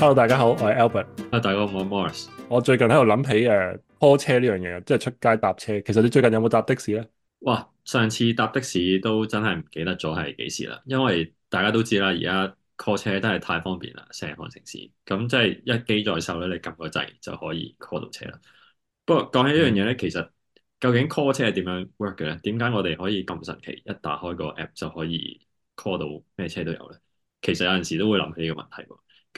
Hello，大家好，我係 Albert。啊，大家好，我係 Maurice。我最近喺度諗起誒、uh, call 車呢樣嘢，即係出街搭車。其實你最近有冇搭的士咧？哇，上次搭的士都真係唔記得咗係幾時啦。因為大家都知啦，而家 call 車真係太方便啦，成個城市咁即係一機在手咧，你撳個掣就可以 call 到車啦。不過講起呢樣嘢咧，嗯、其實究竟 call 車係點樣 work 嘅咧？點解我哋可以咁神奇一打開個 app 就可以 call 到咩車都有咧？其實有陣時都會諗起呢個問題。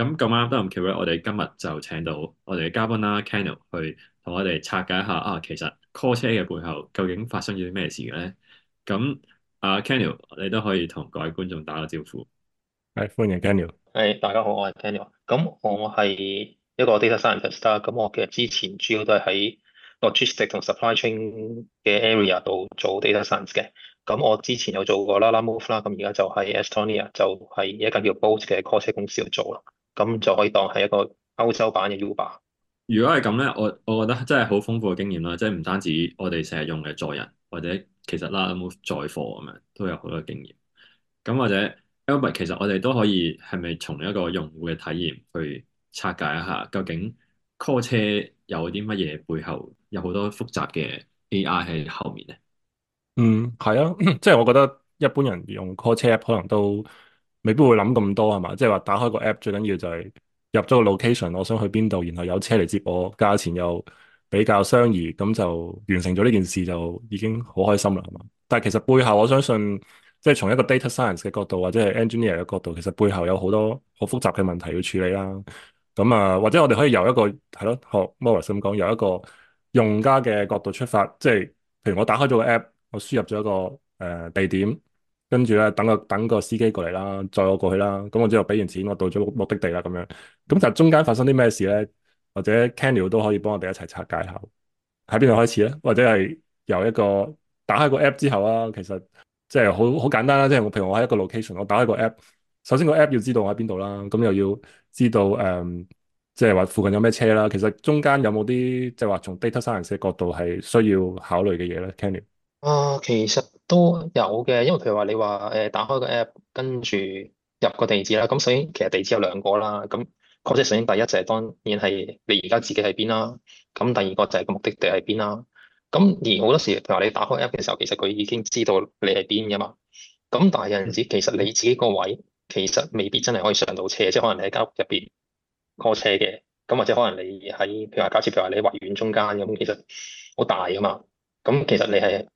咁咁啱都咁巧咧，我哋今日就請到我哋嘅嘉賓啦，Kenil 去同我哋拆解，解一下啊，其實 call 車嘅背後究竟發生咗啲咩事嘅咧？咁啊，Kenil，你都可以同各位觀眾打個招呼。係歡迎 Kenil。係、hey, 大家好，我係 Kenil。咁我係一個 data scientist 啦。咁我其實之前主要都係喺 logistic 同 supply chain 嘅 area 度做 data science 嘅。咁我之前有做過 Lalamove 啦。咁而家就喺 Estonia，就係一間叫 Bolt 嘅 call 車公司度做啦。咁就可以當係一個歐洲版嘅 Uber。如果係咁咧，我我覺得真係好豐富嘅經驗啦，即係唔單止我哋成日用嘅載人，或者其實啦有冇載貨咁樣，都有好多經驗。咁或者，Albert，其實我哋都可以係咪從一個用戶嘅體驗去拆解一下，究竟 call 車有啲乜嘢背後，有好多複雜嘅 AI 喺後面咧？嗯，係啊， 即係我覺得一般人用 call 車 app 可能都。未必會諗咁多係嘛，即係話打開個 app 最緊要就係入咗個 location，我想去邊度，然後有車嚟接我，價錢又比較相宜，咁就完成咗呢件事就已經好開心啦，係嘛？但係其實背後我相信，即係從一個 data science 嘅角度或者係 engineer 嘅角度，其實背後有好多好複雜嘅問題要處理啦。咁啊，或者我哋可以由一個係咯，學 Morris 咁講，由一個用家嘅角度出發，即係譬如我打開咗個 app，我輸入咗一個誒、呃、地點。跟住咧，等個等個司機過嚟啦，載我過去啦。咁我之後俾完錢，我到咗目的地啦，咁樣。咁就中間發生啲咩事咧？或者 Kenil 都可以幫我哋一齊拆解下，喺邊度開始咧？或者係由一個打開個 app 之後啦、啊。其實即係好好簡單啦。即係我譬如我喺一個 location，我打開個 app，首先個 app 要知道我喺邊度啦，咁又要知道誒，即係話附近有咩車啦。其實中間有冇啲即係話從 data science 角度係需要考慮嘅嘢咧 Kenil？啊，其實都有嘅，因為譬如話你話誒、呃、打開個 app，跟住入個地址啦，咁所以其實地址有兩個啦，咁、嗯，確、呃、實首先第一就係、是、當然係你而家自己喺邊啦，咁、嗯、第二個就係個目的地喺邊啦，咁、嗯、而好多時譬如話你打開 app 嘅時候，其實佢已經知道你喺邊噶嘛，咁、嗯、但係有陣時其實你自己個位其實未必真係可以上到車，即係可能你喺間屋入邊 call 車嘅，咁、嗯、或者可能你喺譬如話假設譬如話你喺花園中間咁、嗯，其實好大噶嘛，咁、嗯嗯、其實你係。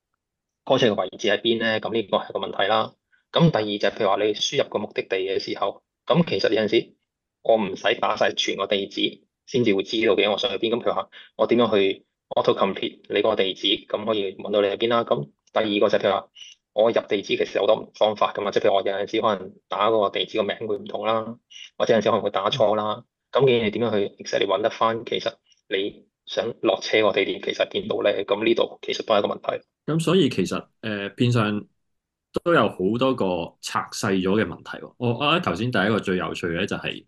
開車嘅位置喺邊咧？咁呢個係個問題啦。咁第二就係、是、譬如話你輸入個目的地嘅時候，咁其實有陣時我唔使打晒全個地址先至會知道嘅，我想去邊。咁譬如話，我點樣去 auto complete 你嗰個地址？咁可以揾到你喺邊啦。咁第二個就係、是、譬如話，我入地址其實有好多方法噶嘛。即係譬如我有陣時可能打個地址個名會唔同啦，或者有陣時可能會打錯啦。咁你哋點樣去，其實你揾得翻，其實你想落車個地點其實喺邊度咧？咁呢度其實都係一個問題。咁所以其實誒、呃、變相都有好多個拆細咗嘅問題、哦。我我覺得頭先第一個最有趣嘅就係、是、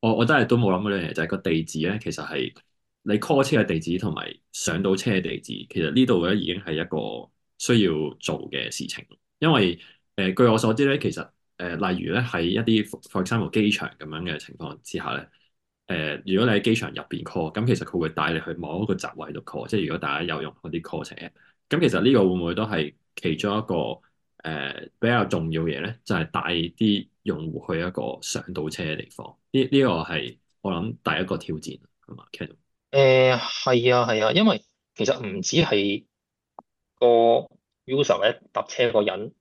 我我真係都冇諗過呢樣嘢，就係、是、個地址咧，其實係你 call 車嘅地址同埋上到車嘅地址，其實呢度咧已經係一個需要做嘅事情。因為誒、呃、據我所知咧，其實誒、呃、例如咧喺一啲 for example 機場，咁樣嘅情況之下咧，誒、呃、如果你喺機場入邊 call，咁其實佢會帶你去某一個閘位度 call。即係如果大家有用嗰啲 call 車咁其實呢個會唔會都係其中一個誒、呃、比較重要嘢咧？就係、是、帶啲用戶去一個上到車嘅地方。呢呢、呢個係我諗第一個挑戰係嘛 Ken？誒啊係啊，因為其實唔止係個 user 咧搭車個人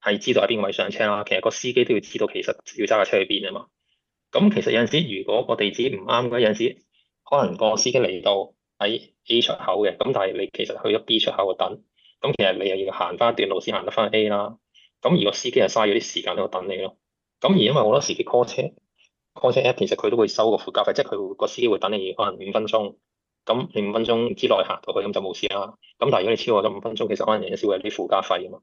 係知道喺邊位上車啦，其實個司機都要知道其實要揸架車去邊啊嘛。咁其實有陣時如果個地址唔啱嘅，有陣時可能個司機嚟到，喺 A 出口嘅，咁但係你其實去咗 B 出口度等，咁其實你又要行翻一段路先行得翻 A 啦。咁而個司機又嘥咗啲時間喺度等你咯。咁而因為好多時佢 call 車，call 車咧其實佢都會收個附加費，即係佢個司機會等你可能五分鐘，咁你五分鐘之內行到去，咁就冇事啦。咁但係如果你超過咗五分鐘，其實可能有少少有啲附加費啊嘛。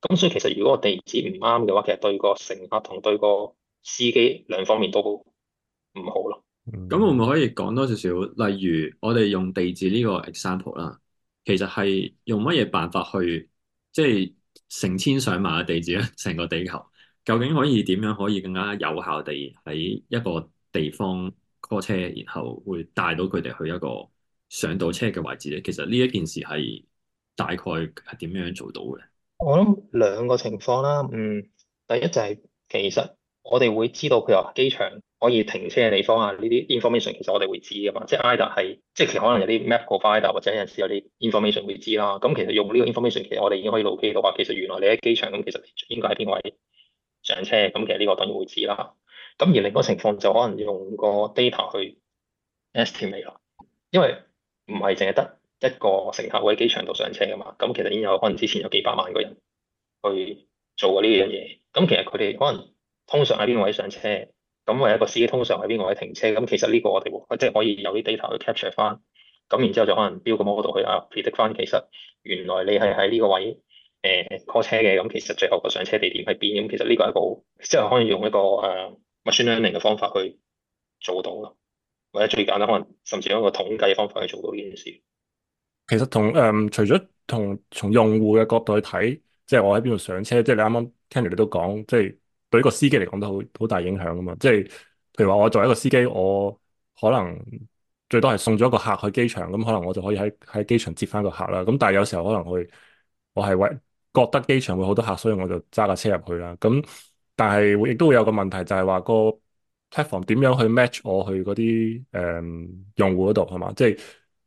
咁所以其實如果個地址唔啱嘅話，其實對個乘客同對個司機兩方面都唔好咯。咁、嗯、我唔可以講多少少？例如我哋用地址呢個 example 啦，其實係用乜嘢辦法去即係、就是、成千上萬嘅地址咧，成個地球究竟可以點樣可以更加有效地喺一個地方 call 車，然後會帶到佢哋去一個上到車嘅位置咧？其實呢一件事係大概係點樣做到嘅？我諗兩個情況啦，嗯，第一就係其實我哋會知道譬如機場。可以停車嘅地方啊，呢啲 information 其實我哋會知噶嘛。即係 IDA 係，即係其實可能有啲 map provider 或者有陣時有啲 information 會知啦。咁其實用呢個 information，其實我哋已經可以路基到話，其實原來你喺機場咁，其實應該喺邊位上車。咁其實呢個當然會知啦。咁而另一個情況就可能用個 data 去 estimate 啦，因為唔係淨係得一個乘客會喺機場度上車噶嘛。咁其實已經有可能之前有幾百萬個人去做過呢樣嘢。咁其實佢哋可能通常喺邊位上車？咁我係一個司機，通常喺邊個位停車？咁、嗯、其實呢個我哋即係可以有啲 data 去 capture 翻。咁然之後就可能 build 個 model 去啊 predict 翻，其實原來你係喺呢個位誒、呃、call 車嘅。咁、嗯、其實最後個上車地點係邊？咁、嗯、其實呢個係一部即係可以用一個誒、呃、machine learning 嘅方法去做到咯。或者最簡單，可能甚至用一個統計方法去做到呢件事。其實同誒、嗯，除咗同從用戶嘅角度去睇，即係我喺邊度上車。即係你啱啱聽住你都講，即係。對個司機嚟講都好好大影響㗎嘛！即係譬如話，我作為一個司機，我可能最多係送咗一個客去機場，咁可能我就可以喺喺機場接翻個客啦。咁但係有時候可能會，我係為覺得機場會好多客，所以我就揸架車入去啦。咁但係會亦都會有個問題，就係話個 platform 點樣去 match 我去嗰啲誒用戶嗰度係嘛？即係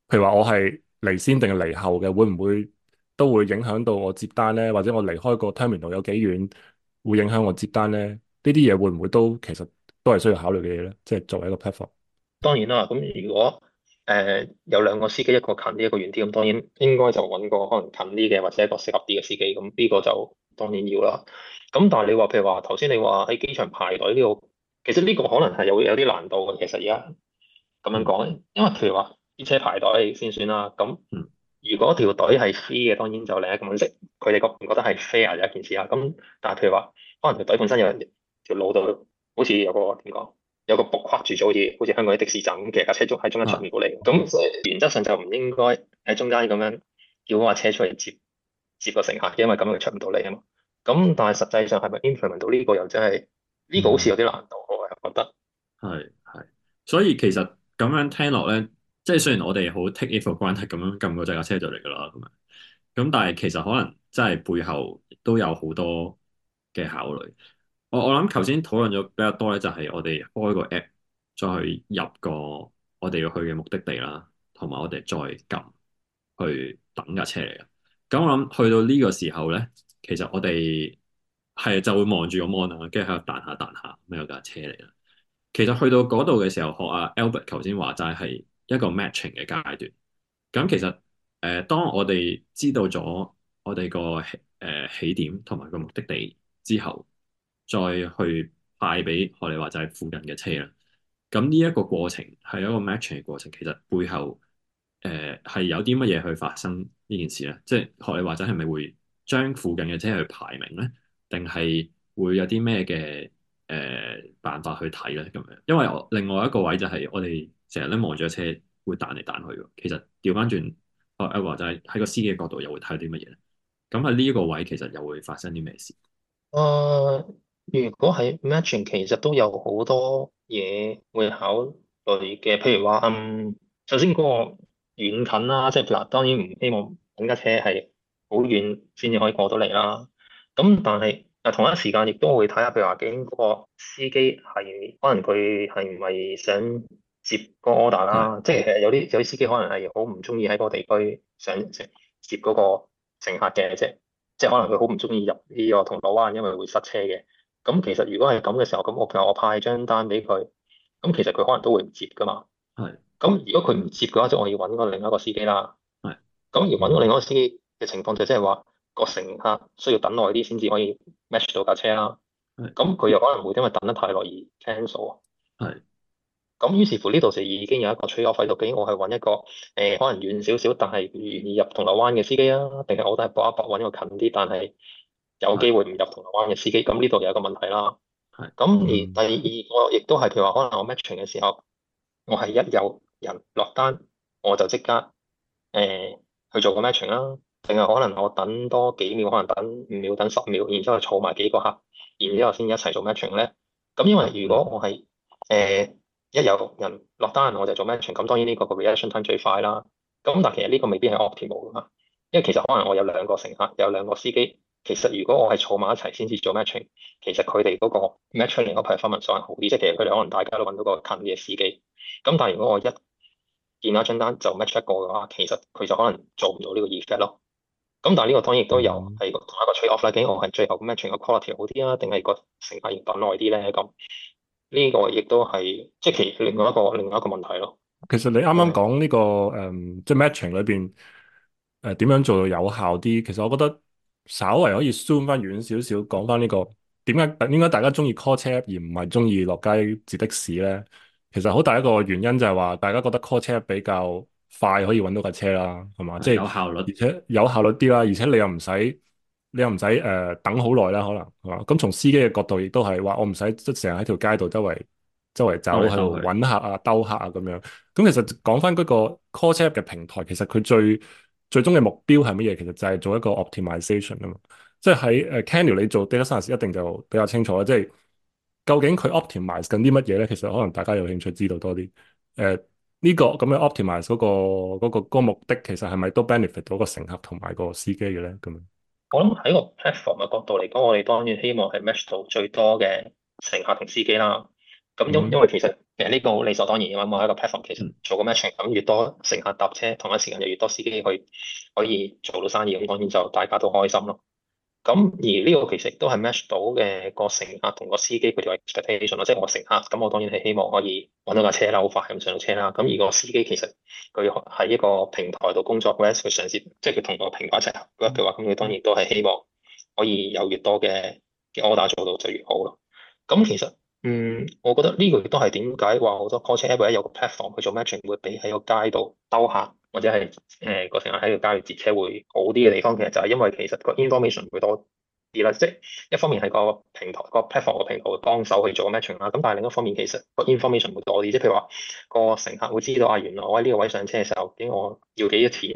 譬如話，我係離先定離後嘅，會唔會都會影響到我接單咧？或者我離開個 terminal 有幾遠？會影響我接單咧？呢啲嘢會唔會都其實都係需要考慮嘅嘢咧？即係作為一個 platform。當然啦，咁如果誒、呃、有兩個司機，一個近啲，一個遠啲，咁當然應該就揾個可能近啲嘅，或者一個適合啲嘅司機。咁呢個就當然要啦。咁但係你話譬如話頭先你話喺機場排隊呢個，其實呢個可能係有有啲難度嘅。其實而家咁樣講，因為譬如話啲車排隊先算啦。咁如果條隊係黐嘅，當然就另一個模式。佢哋覺唔覺得係 fair 嘅一件事啦。咁但係譬如話，可能條隊本身有條路度，好似有個點講，有個卜框住咗，好似好似香港啲的，的士站咁，其實架車喺中間出唔到嚟。咁原則上就唔應該喺中間咁樣叫話車出嚟接接個乘客，因為咁樣就出唔到嚟啊嘛。咁但係實際上係咪 implement 到呢個又真係呢個好似有啲難度，我係覺得。係係，所以其實咁樣聽落咧。即係雖然我哋好 take it for granted 咁樣撳個掣架車就嚟㗎啦，咁樣咁，但係其實可能真係背後都有好多嘅考慮。我我諗頭先討論咗比較多咧，就係我哋開個 app 再去入個我哋要去嘅目的地啦，同埋我哋再撳去等架車嚟嘅。咁我諗去到呢個時候咧，其實我哋係就會望住個 mon 跟住喺度彈下彈下，咩有架車嚟啦。其實去到嗰度嘅時候，學阿 Albert 頭先話齋係。一個 matching 嘅階段，咁其實誒、呃，當我哋知道咗我哋個誒起點同埋個目的地之後，再去派俾學你話就係附近嘅車啦。咁呢一個過程係一個 matching 嘅過程，其實背後誒係、呃、有啲乜嘢去發生呢件事咧？即係學你話齋係咪會將附近嘅車去排名咧？定係會有啲咩嘅誒辦法去睇咧？咁樣，因為我另外一個位就係我哋。成日咧望住架車會彈嚟彈去喎，其實調翻轉，阿華仔就係喺個司機嘅角度又會睇啲乜嘢？咁喺呢個位其實又會發生啲咩事？誒、呃，如果係 match，其實都有好多嘢會考慮嘅，譬如話，嗯，首先嗰個遠近啦，即係嗱，當然唔希望揾架車係好遠先至可以過到嚟啦。咁但係，啊、呃、同一時間亦都會睇下，譬如話經過司機係，可能佢係唔係想接個 order 啦的，即係有啲有啲司機可能係好唔中意喺嗰個地區上接接嗰個乘客嘅，即係即係可能佢好唔中意入呢個銅鑼灣，因為會塞車嘅。咁其實如果係咁嘅時候，咁我譬如我派張單俾佢，咁其實佢可能都會唔接噶嘛。係的。咁如果佢唔接嘅話，即係我要揾個另一個司機啦。係的。咁而揾到另一個司機嘅情況就即係話個乘客需要等耐啲先至可以 match 到架車啦。係的。咁佢又可能會因為等得太耐而 cancel 的。係。咁於是乎呢度就已經有一個取捨喺度，究竟我係揾一個誒、呃、可能遠少少，但係願意入銅鑼灣嘅司機啊，定係我都係搏一搏揾一個近啲，但係有機會唔入銅鑼灣嘅司機？咁呢度有一個問題啦。係的。咁而第二個亦、嗯嗯、都係，譬如話可能我 matching 嘅時候，我係一有人落單，我就即刻誒、呃、去做個 matching 啦。定係可能我等多幾秒，可能等五秒、等十秒，然之後儲埋幾個客，然之後先一齊做 matching 咧。咁因為如果我係誒。呃呃呃一有人落單，我就做 matching。咁當然呢個個 reaction time 最快啦。咁但係其實呢個未必係 optimal 噶嘛。因為其實可能我有兩個乘客，有兩個司機。其實如果我係坐埋一齊先至做 matching，其實佢哋嗰個 matching 嗰批分揾數係好啲，即係其實佢哋可能大家都揾到個近嘅司機。咁但係如果我一見到一張單就 match 一個嘅話，其實佢就可能做唔到呢個 effect 咯。咁但係呢個當然亦都有係同一個 trade off 啦。究竟我係最後 matching 個 quality 好啲啊，定係個乘客延駁耐啲咧咁？呢個亦都係即係其另外一個、嗯、另外一個問題咯。其實你啱啱講呢個誒即係是、嗯就是、matching 裏邊誒點、呃、樣做到有效啲？其實我覺得稍為可以 zoom 翻遠少少講翻呢、這個點解點解大家中意 call 車而唔係中意落街截的士咧？其實好大一個原因就係話大家覺得 call 車比較快可以揾到架車啦，係嘛？即係是、就是、有效率，而且有效率啲啦，而且你又唔使。你又唔使誒等好耐啦，可能係嘛？咁從司機嘅角度，亦都係話我唔使成日喺條街度周圍周圍走，喺度揾客啊、兜客啊咁樣。咁其實講翻嗰個 call 車嘅平台，其實佢最最終嘅目標係乜嘢？其實就係做一個 optimization 啊嘛。即係喺誒 Kenil 你做 data science 一定就比較清楚啦。即係究竟佢 optimize 緊啲乜嘢咧？其實可能大家有興趣知道多啲。誒、呃、呢、呢個咁嘅 optimize 嗰、嗰個嗰、嗰個嗰個嗰個、目的，其實係咪都 benefit 到個乘客同埋個司機嘅咧？咁我諗喺個 platform 嘅角度嚟講，我哋當然希望係 match 到最多嘅乘客同司機啦。咁因因為其實其實呢個好理所當然，因為每一個 platform 其實做個 matching，咁越多乘客搭車，同一時間就越多司機去可，可以做到生意，咁當然就大家都開心咯。咁而呢個其實都係 match 到嘅個乘客同個司機佢條 expectation 咯，即係我乘客，咁我當然係希望可以揾到架車好快咁上到車啦。咁而個司機其實佢喺一個平台度工作，佢上線，即係佢同個平台一齊合作嘅話，咁佢當然都係希望可以有越多嘅 order 做到就越好咯。咁其實嗯，我覺得呢個亦都係點解話好多 call 車 app 有個 platform 去做 matching 會比喺個街度兜客。或者係誒個乘客喺個街度截車會好啲嘅地方，其實就係、是、因為其實個 information 會多啲啦。即係一方面係個平台、那個 platform 個平台會幫手去做 matching 啦。咁但係另一方面其實個 information 會多啲，即係譬如話、那個乘客會知道啊，原來我喺呢個位上車嘅時候，點我要幾多錢？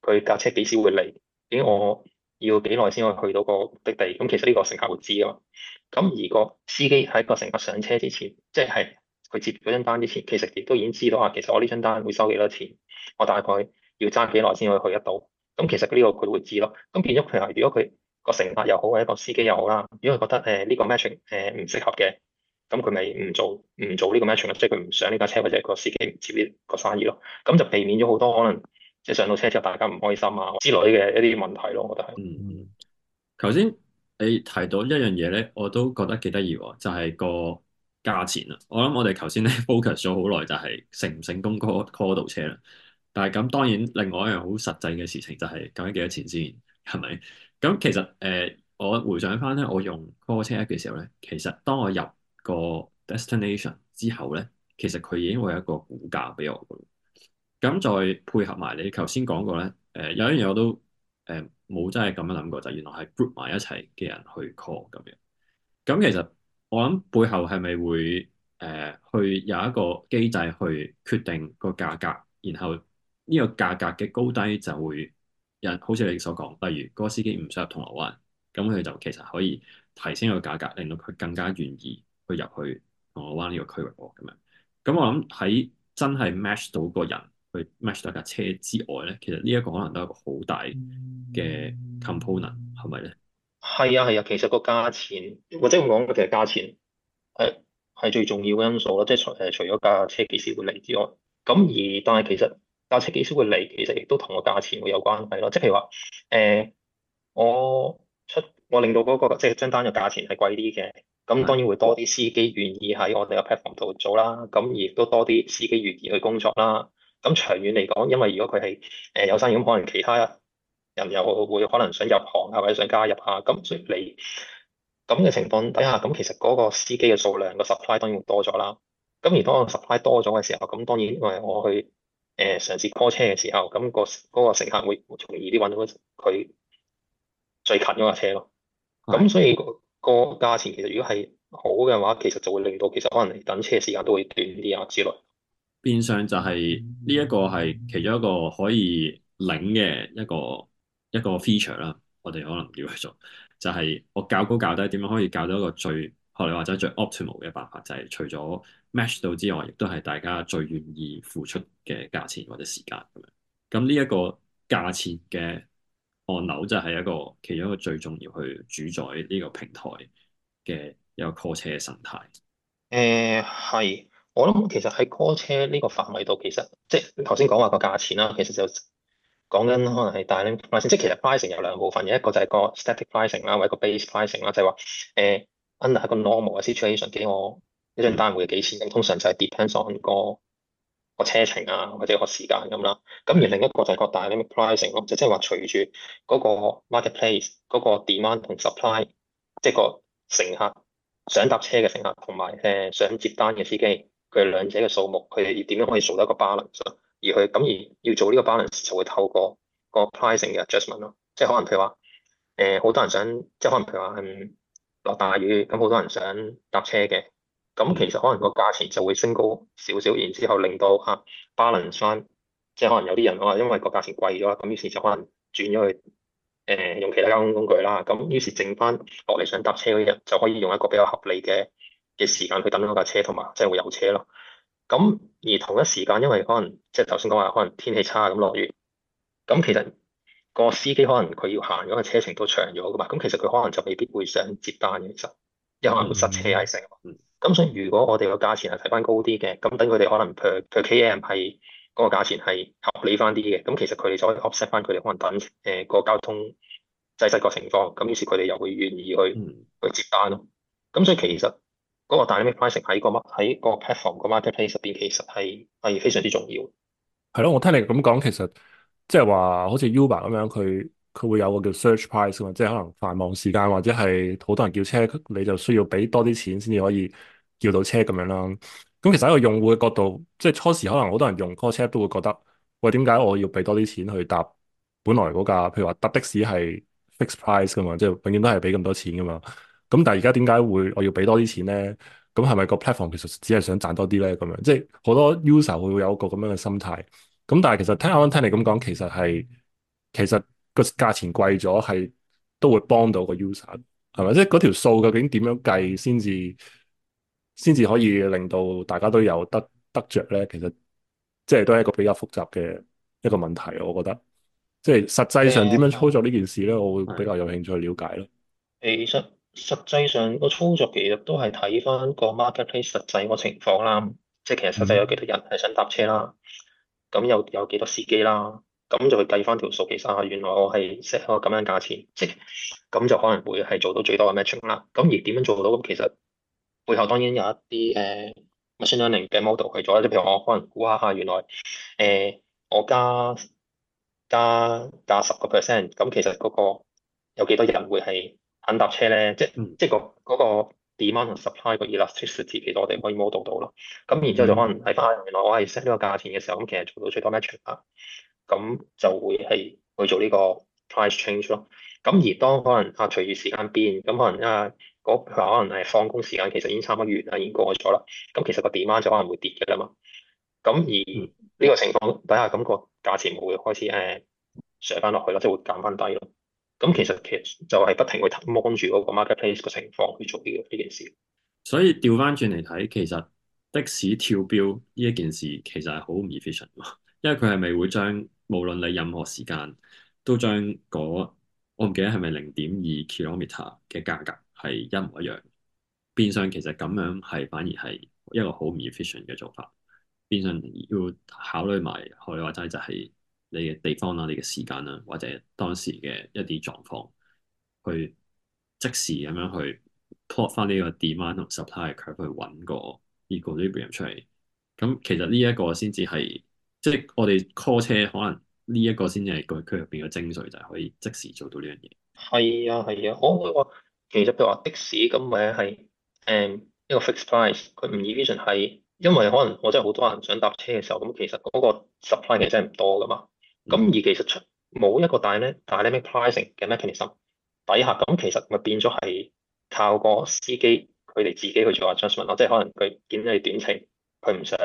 佢架車幾時會嚟？點我要幾耐先可以去到個目的地？咁、嗯、其實呢個乘客會知㗎嘛。咁而個司機喺個乘客上車之前，即係。佢接嗰張單之前，其實亦都已經知道啊，其實我呢張單會收幾多錢，我大概要揸幾耐先可以去得到。咁其實呢個佢會知咯。咁變咗，譬如如果佢個乘客又好，或者個司機又好啦，如果佢覺得誒呢個 match 誒唔適合嘅，咁佢咪唔做唔做呢個 match 咯，即係佢唔上呢架車，或者個司機唔接呢個生意咯。咁就避免咗好多可能，即係上到車之後大家唔開心啊之類嘅一啲問題咯。我覺得係。嗯嗯。頭先你提到一樣嘢咧，我都覺得幾得意喎，就係個。價錢啊，我諗我哋頭先咧 focus 咗好耐，就係成唔成功 call call 到車啦。但係咁當然，另外一樣好實際嘅事情就係究竟幾多錢先，係咪？咁其實誒、呃，我回想翻咧，我用 call 車 app 嘅時候咧，其實當我入個 destination 之後咧，其實佢已經會有一個估價俾我。咁再配合埋你頭先講過咧，誒、呃，有一我、呃、樣我都誒冇真係咁樣諗過，就是、原來係 group 埋一齊嘅人去 call 咁樣。咁其實。我諗背後係咪會誒、呃、去有一個機制去決定個價格，然後呢個價格嘅高低就會，好似你所講，例如個司機唔想入銅鑼灣，咁佢就其實可以提升個價格，令到佢更加願意去入去銅鑼灣呢個區域喎。咁樣，咁我諗喺真係 match 到個人去 match 到架車之外咧，其實呢一個可能都係一個好大嘅 component，係咪咧？係啊，係啊，其實個價錢或者咁講嘅，其實價錢係係最重要嘅因素咯。即係除誒除咗架車幾時會嚟之外，咁而但係其實架車幾時會嚟，其實亦都同個價錢會有關係咯。即係譬如話誒我出我令到嗰個即係張單嘅價錢係貴啲嘅，咁當然會多啲司機願意喺我哋嘅 platform 度做啦。咁亦都多啲司機願意去工作啦。咁長遠嚟講，因為如果佢係誒有生意，咁可能其他。人又會可能想入行啊，或者想加入啊，咁所以嚟咁嘅情況底下，咁其實嗰個司機嘅數量個 supply 當然會多咗啦。咁而當個 supply 多咗嘅時候，咁當然因為我去誒、呃、嘗試 call 車嘅時候，咁、嗰個、嗰個、乘客會容易啲揾到佢最近嗰架車咯。咁所以個價錢其實如果係好嘅話，其實就會令到其實可能你等車時間都會短啲啊之類。變相就係呢一個係其中一個可以領嘅一個。一個 feature 啦，我哋可能瞭去做，就係、是、我教高教低，點樣可以教到一個最學你話齋最 optimal 嘅辦法，就係、是、除咗 match 到之外，亦都係大家最願意付出嘅價錢或者時間咁樣。咁呢一個價錢嘅按鈕就係一個其中一個最重要去主宰呢個平台嘅有 c o u r s 嘅生態。誒係、呃，我諗其實喺 c o u r s 呢個範圍度，其實即係頭先講話個價錢啦，其實就，講緊可能係，pricing，即係其實 pricing 有兩部分嘅，一個就係個 static pricing 啦，或者個 base pricing 啦，就係話誒 under 一個 normal 嘅 situation，幾我一張單會幾錢咁，通常就係 depends on 個個車程啊，或者個時間咁啦。咁而另一個就係個大 l i m i t pricing 咯，就即係話隨住嗰個 marketplace 嗰個 demand 同 supply，即係個乘客想搭車嘅乘客同埋誒想接單嘅司機，佢哋兩者嘅數目，佢要點樣可以做到一個 balance。而佢咁而要做呢個 balance，就會透過個 pricing 嘅 adjustment 咯，即係可能譬如話，誒、呃、好多人想，即係可能譬如話落、嗯、大雨，咁好多人想搭車嘅，咁其實可能個價錢就會升高少少，然之後令到啊 balance 翻，即係可能有啲人啊，因為個價錢貴咗，咁於是就可能轉咗去誒、呃、用其他交通工具啦，咁於是剩翻落嚟想搭車嗰啲人就可以用一個比較合理嘅嘅時間去等嗰架車，同埋即係會有車咯。咁而同一時間，因為可能即係頭先講話可能天氣差咁落雨，咁其實個司機可能佢要行咗個車程都長咗噶嘛，咁其實佢可能就未必會想接單嘅，其實又可能會塞車喺成。咁、嗯、所以如果我哋、個價錢係睇翻高啲嘅，咁等佢哋可能 per per km 係嗰個價錢係合理翻啲嘅，咁其實佢哋就可以 offset 翻佢哋可能等誒、呃那個交通擠塞個情況，咁於是佢哋又會願意去、嗯、去接單咯。咁所以其實。嗰、 嗰個大啲 price 喺個乜喺嗰個 platform 個 marketplace 入邊，其實係係非常之重要。係咯， 我聽你咁講，其實即係話好似 Uber 咁樣，佢佢會有個叫 surge price 嘛，即係可能繁忙時間或者係好多人叫車，你就需要俾多啲錢先至可以叫到車咁樣啦。咁其實喺個用戶嘅角度，即係初時可能好多人用 call 車都會覺得，喂，點解我要俾多啲錢去搭？本來嗰架，譬如話搭的士係 fixed price 㗎嘛，即係永遠都係俾咁多錢噶嘛。咁但係而家點解會我要俾多啲錢咧？咁係咪個 platform 其實只係想賺多啲咧？咁樣即係好多 user 會有一個咁樣嘅心態。咁但係其實聽阿温聽你咁講，其實係其實個價錢貴咗係都會幫到個 user 係咪？即係嗰條數究竟點樣計先至先至可以令到大家都有得得著咧？其實即係都係一個比較複雜嘅一個問題，我覺得。即係實際上點樣操作呢件事咧，我會比較有興趣去了解咯。其、啊實際上個操作其實都係睇翻個 marketplace 實際個情況啦，即係其實實際有幾多人係想搭車啦，咁有有幾多司機啦，咁就計翻條數，其實原來我係 set 個咁樣價錢，即係咁就可能會係做到最多嘅 matching 啦。咁而點樣做到咁？其實背後當然有一啲誒、uh, machine learning 嘅 model 去做啦，即譬如我可能估下下，原來誒、uh, 我加加加十個 percent，咁其實嗰個有幾多人會係揾搭車咧，即係、嗯、即係個嗰個 demand 同 supply 個 elasticity，其實我哋可以 model 到咯。咁、嗯、然之後就可能係翻原來我係 set 呢個價錢嘅時候，咁其實做到最多 match 啊。咁就會係去做呢個 price change 咯。咁而當可能啊隨住時間變，咁可能啊嗰、嗰個、可能係放工時間其實已經差唔多完啊，已經過咗啦。咁其實個 demand 就可能會跌嘅啦嘛。咁而呢個情況底下，咁、嗰個價錢會開始誒上翻落去咯，即係會減翻低咯。咁其實其實就係不停去摸住嗰個 marketplace 個情況去做呢件事。所以調翻轉嚟睇，其實的士跳表呢一件事其實係好唔 efficient，因為佢係咪會將無論你任何時間都將嗰，我唔記得係咪零點二 kilometer 嘅價格係一模一樣。變相其實咁樣係反而係一個好唔 efficient 嘅做法。變相要考慮埋，可以話齋就係、是。你嘅地方啦、啊，你嘅時間啦、啊，或者當時嘅一啲狀況，去即時咁樣去 plot 翻呢個 demand 同 supply curve 去揾個呢個 equilibrium 出嚟。咁其實呢一個先至係即係我哋 call 車，可能呢一個先至係佢佢入邊嘅精髓，就係、是、可以即時做到呢樣嘢。係啊，係啊，我佢話其實譬如話的士咁咪係誒一個 fixed price，佢唔 efficient 係因為可能我真係好多人想搭車嘅時候，咁其實嗰個 supply 其實真係唔多噶嘛。咁、嗯、而其實出冇一個 dynamic pricing 嘅 mechanism 底下，咁其實咪變咗係靠個司機佢哋自己去做啊 adjustment 咯，即係可能佢見到啲短程，佢唔想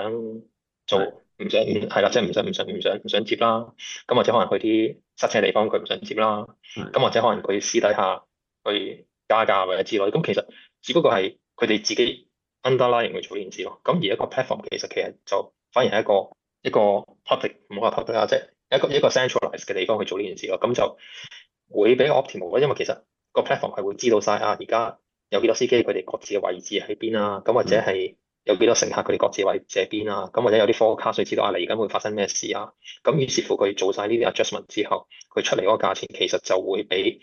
做，唔的想係啦，即係唔想唔想唔想唔想接啦。咁或者可能去啲塞車嘅地方，佢唔想接啦。咁的或者可能佢私底下去加價或者之類，咁其實只不過係佢哋自己 underlying 去做件事咯。咁而一個 platform 其實其實就反而係一個一個 topic 唔好話 topic 啦，即係。一個一個 centralized 嘅地方去做呢件事咯，咁就會比較 optimal 咯。因為其實個 platform 係會知道晒啊，而家有幾多司機佢哋各自嘅位置喺邊啊，咁或者係有幾多乘客佢哋各自位置喺邊啊，咁或者有啲 forecast 知道啊，你而家會發生咩事啊，咁於是乎佢做晒呢啲 adjustment 之後，佢出嚟嗰個價錢其實就會比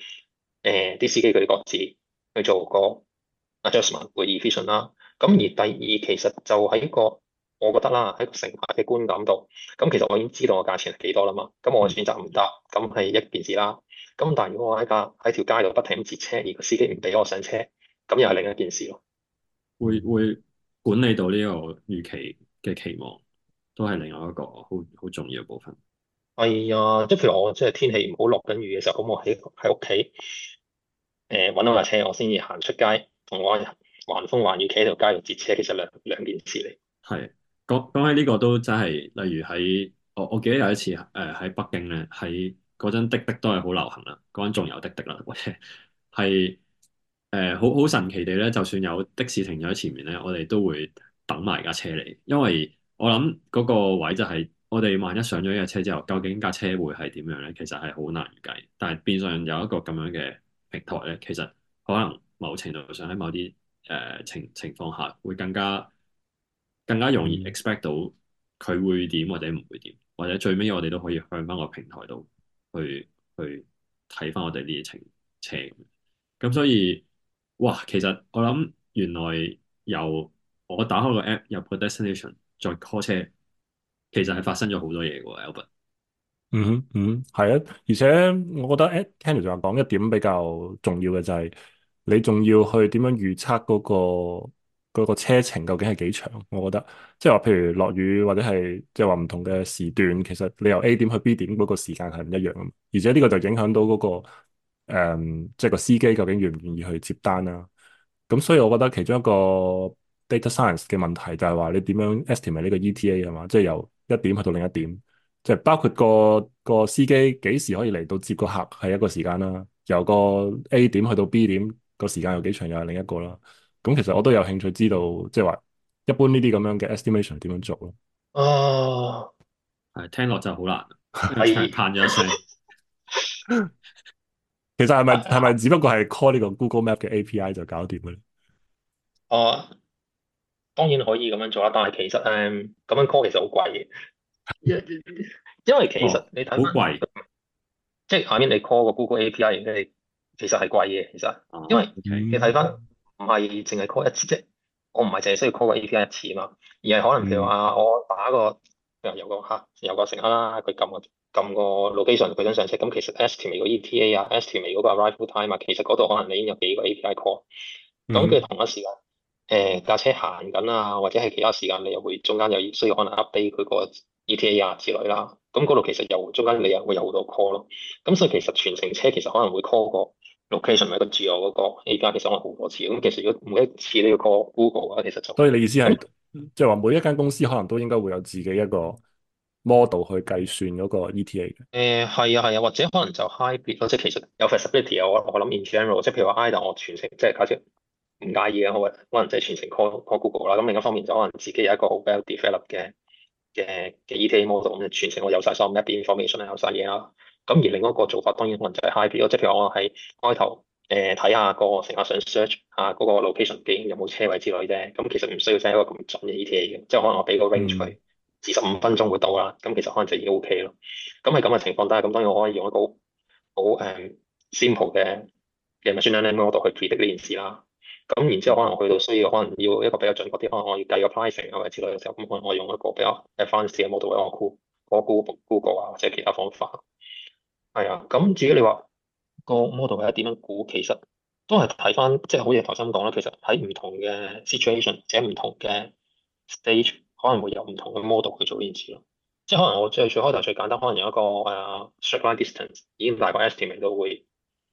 誒啲司機佢哋各自去做個 adjustment 會 efficient 啦。咁而第二其實就係一個。我覺得啦，喺個乘客嘅觀感度，咁、嗯、其實我已經知道個價錢係幾多啦嘛。咁、嗯嗯、我選擇唔得，咁係一件事啦。咁但係如果我喺架喺條街度不停咁截車，而個司機唔俾我上車，咁又係另一件事咯。會會管理到呢個預期嘅期望，都係另外一個好好重要嘅部分。係啊、哎，即係譬如我即係天氣唔好，落緊雨嘅時候，咁我喺喺屋企誒揾到架車，我先至行出街，同我橫風橫雨企喺條街度截車，其實兩兩,兩件事嚟。係。講講起呢個都真係，例如喺我我記得有一次誒喺、呃、北京咧，喺嗰陣滴滴都係好流行啦，嗰陣仲有滴滴啦，係誒好好神奇地咧，就算有的士停咗喺前面咧，我哋都會等埋架車嚟，因為我諗嗰個位就係我哋萬一上咗架車之後，究竟架車會係點樣咧？其實係好難預計，但係變相有一個咁樣嘅平台咧，其實可能某程度上喺某啲誒情情況下會更加更加容易 expect 到佢會點或者唔會點，或者最尾我哋都可以向翻個平台度去去睇翻我哋啲情情。咁所以哇，其實我諗原來由我打開 app，個 app 入個 destination 再 call 車，其實係發生咗好多嘢喎，Albert。嗯嗯，係、嗯、啊。而且我覺得誒，Kenil 仲話講一點比較重要嘅就係你仲要去點樣預測嗰、那個。嗰個車程究竟係幾長？我覺得即係話，就是、譬如落雨或者係即係話唔同嘅時段，其實你由 A 點去 B 點嗰個時間係唔一樣噶嘛。而且呢個就影響到嗰、那個誒、即、嗯、係、就是、個司機究竟願唔願意去接單啦、啊。咁所以我覺得其中一個 data science 嘅問題就係話，你點樣 estimate 呢個 ETA 吖嘛？即、就、係、是、由一點去到另一點，即、就、係、是、包括、那個、那個司機幾時可以嚟到接個客係一個時間啦、啊。由個 A 點去到 B 點個時間又幾長，又係另一個啦、啊。咁其實我都有興趣知道，即係話一般呢啲咁樣嘅 estimation 點樣做咯？哦，係聽落就好難，係彈咗聲。其實係咪係咪只不過係 call 呢個 Google Map 嘅 API 就搞掂嘅咧？哦，當然可以咁樣做啦，但係其實誒咁、嗯、樣 call 其實好貴嘅， 因為其實、哦、你睇好貴。貴即係下面你 call 個 Google API，你其實係貴嘅，其實，因為你睇翻。嗯唔係淨係 call 一次啫，我唔係淨係需要 call 個 API 一次嘛，而係可能譬如話，我打個有、嗯、個客有個乘客啦，佢撳個撳 location 佢想上車，咁其實 estimate 個 ETA 啊，estimate 嗰個 arrival time 啊，其實嗰度、e、可能你已經有幾個 API call，咁、嗯、佢、嗯、同一時間，誒、呃、架車行緊啊，或者係其他時間你又會中間有需要可能 update 佢個 ETA 啊之類啦，咁嗰度其實又中間你又會有好多 call 咯，咁所以其實全程車其實可能會 call 過。location 咪，一、那個自我嗰個 A 加，其實講咗好多次。咁其實如果每一次都要 call Google 啊，其實就所以你意思係，即係話每一間公司可能都應該會有自己一個 model 去計算嗰個 ETA 嘅。誒係、呃、啊係啊，或者可能就 hybrid 咯，即係其實有 facility 我我諗 in general，即係譬如話 Ida 我全程即係假設唔介意啊，我可能就全程 call call Google 啦。咁另一方面就可能自己有一個好 local develop 嘅嘅嘅 ETA model，咁就全程我有晒所有 map information 有曬嘢啦。咁而另一個做法，當然可能就係 hybrid 咯。即係譬如我係開頭誒睇下個乘客想 search 下嗰個 location 幾有冇車位之類啫。咁其實唔需要寫一個咁準嘅 ETA 嘅，即係可能我俾個 range 佢，二十五分鐘會到啦。咁其實可能就已經 OK 咯。咁係咁嘅情況底下，咁當然我可以用一個好誒 simple 嘅嘅 machine learning model 去 predict 呢件事啦。咁然之後可能去到需要可能要一個比較準確啲，可能我要計個 pricing 啊，或者之類嘅時候，咁可能我用一個比較 advanced 嘅 model，或者我 call 個 Google 啊，或者其他方法。係啊，咁至於你話個 model 係點樣估，其實都係睇翻，即係好似頭先講啦，其實喺唔同嘅 situation，喺唔同嘅 stage，可能會有唔同嘅 model 去做呢件事咯。即係可能我最最開頭最簡單，可能有一個誒、uh, straight line distance 已經大概 estimate 都會